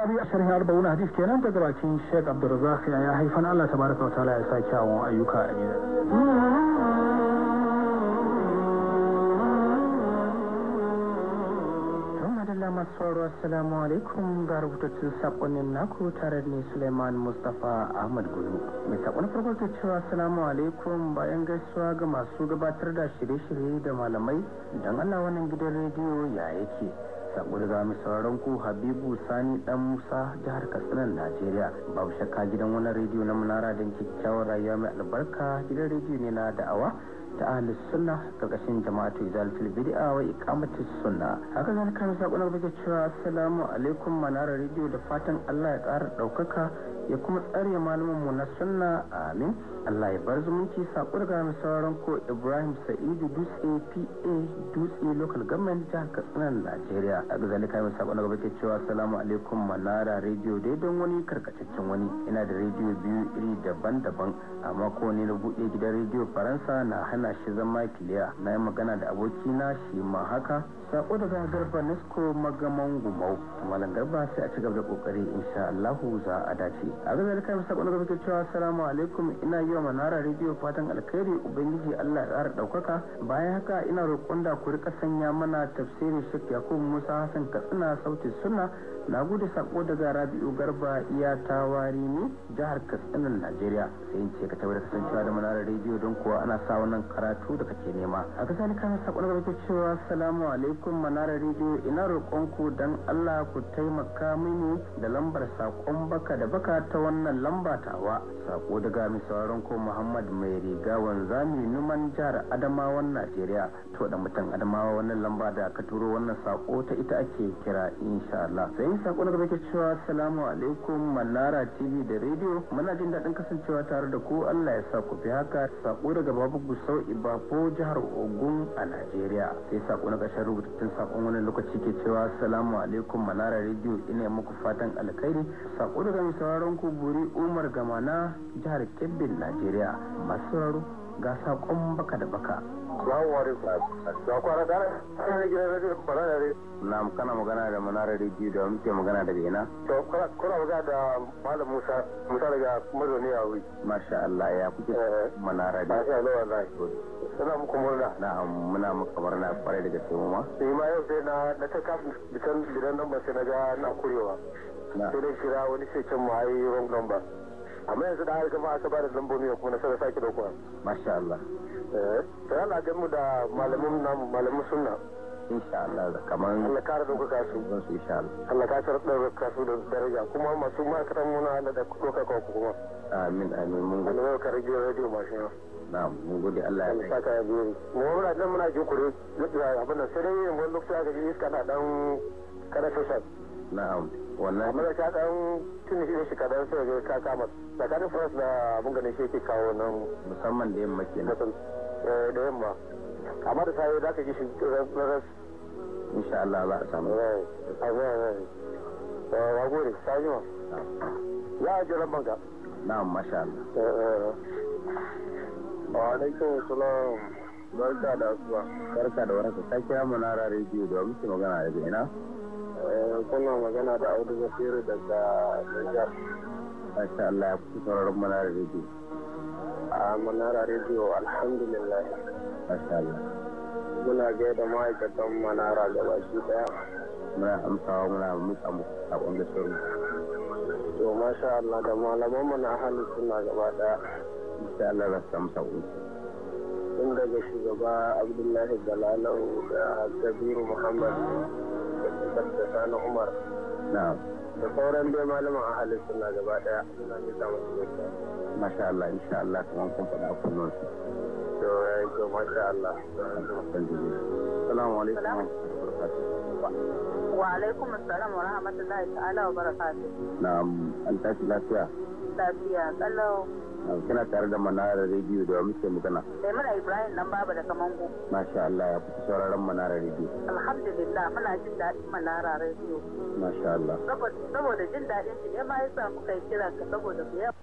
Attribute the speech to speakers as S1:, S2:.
S1: abi a sharhi da arba'un hadis kenan daga bakin Sheikh Abdulrazak ya haifan Allah tabaraka wa ta'ala ya sa kyawun ayyuka a masu sauraro assalamu alaikum ga rubutattun saƙonin naku tare da suleiman mustapha ahmad gudu mai saƙon farko ta cewa assalamu alaikum bayan gaisuwa ga masu gabatar da shirye-shirye da malamai don allah wannan gidan rediyo ya yake sako daga sauraron ku habibu sani dan musa jihar katsinan najeriya babu shakka gidan wannan rediyo na munara don kyakkyawar rayuwa mai albarka gidan rediyo ne na da'awa ta ahlus sunna karkashin jama'atu izalatul bid'a wa iqamatus sunna haka zan na sakonar bake cewa assalamu alaikum manara rediyo da fatan Allah ya kara ɗaukaka ya kuma tsare malamin mu na sunna amin Allah ya bar zumunci sako daga sauraron ko Ibrahim Sa'idu Dutse PA Dutse Local Government jihar katsinan Najeriya da zalika mai sabon gaba ke cewa salamu alaikum manara rediyo daidan wani karkataccen wani ina da rediyo biyu iri daban-daban amma ko ne na buɗe gidan rediyo faransa na hana shi zama kiliya na yi magana da abokina shi ma haka sako daga garba nesko magaman gumau malam garba sai a ci gaba da kokari insha Allahu za a dace a gaba da kai sako na gaba cewa assalamu alaikum ina yi wa manara rediyo fatan alkhairi ubangiji Allah ya ƙara daukaka bayan haka ina roƙon da ku rika sanya mana tafsirin shek Yakubu Musa hasan Katsina sautin sunna na gode sako daga rabi'u garba iya tawari ne jihar katsinan najeriya sai ce ka tabbatar kasancewa da manarar rediyo don kuwa ana sa wannan karatu da kake nema a kasa ni kan sako daga ke cewa salamu alaikum manarar rediyo ina roƙonku don allah ku taimaka mini da lambar sakon baka da baka ta wannan lamba tawa sako daga mai sauraron ko muhammad mai riga wanzami numan jihar adamawan najeriya to da mutum adamawa wannan lamba da ka turo wannan sako ta ita ake kira insha allah sai domin sakon da kake cewa salamu alaikum mallara tv da radio muna jin daɗin kasancewa tare da ku allah ya sa ku fi haka sako daga babu gusau ibafo jihar ogun a najeriya sai sako na ƙarshen rubutattun sakon wani lokaci ke cewa salamu alaikum mallara radio ina muku fatan alkhairi sako daga mai sauraron ku buri umar gamana jihar kebbi najeriya masu sauraro ga sakon baka da baka na kana magana da manara rediyo da muke magana daga ina to kuna magana da malam musa musa daga mazauni a wuri masha Allah ya kuke manara da masha Allah wallahi sana muku murna na'am muna muku murna kwarai da gaske mu ma sai ma yau sai na na ta kafin bitan bidan nan ba sai na ga na kurewa sai dai kira wani sai can mu ayi wrong number amma yanzu da har gama aka ba da lambobi kuma na sai sake dauka masha Allah ta ana gan mu da malamin nan malamin sunna insha Allah kamar Allah kare da kuka su su Allah Allah ka tsara da kuka su da daraja kuma masu ma'aikatan mu na Allah da kuka ka ku kuma amin amin mun gode Allah ka rage radio mashin na'am mun gode Allah ya kai saka ya biyu mu muna dan muna jukure abin nan sai dai wani lokaci aka ji iska na dan kada sosai na'am wannan amma da ka dan tuni shi shi kadan sai ga ka kama tsakanin France da abun ganin shi yake kawo nan musamman da yamma kenan Eh, da yamma amma da safe za ka ji shi raras insha Allah za a samu eh, eh, a gode sai ma ya ajiye rabban ka na masha Allah wa alaikum salam barka da asuwa barka da warhaka ta kira mu na rediyo da muke magana da ina kuna magana da Audu Basiru daga Niger Masha Allah ya fi sauraron mu na rediyo a manara rediyo alhamdulillah muna gaida ma'aikatan manara gaba shi daya muna amsawa muna muka muku sakon da shirin to masha Allah da malaman mu na halin suna gaba daya insha Allah za su amsa ku tun daga shugaba Abdullahi Dalalau da Kabiru Muhammad da Sani Umar da sauran dai malaman a ahalin suna gaba daya suna muka musu masha Allah insha Allah kuma kun faɗa kullun to yayi eh, to masha Allah assalamu alaikum wa alaikum assalam wa rahmatullahi ta'ala wa barakatuh na'am an tashi lafiya lafiya kalau kina tare da manara rediyo da muke magana. Eh, mana Ibrahim nan babu daga Mango. Masha Allah ya fi sauraron manara rediyo. Alhamdulillah muna jin daɗin manara rediyo. Masha Allah. Saboda jin daɗin shi ne ma yasa muka yi kiran ka saboda ku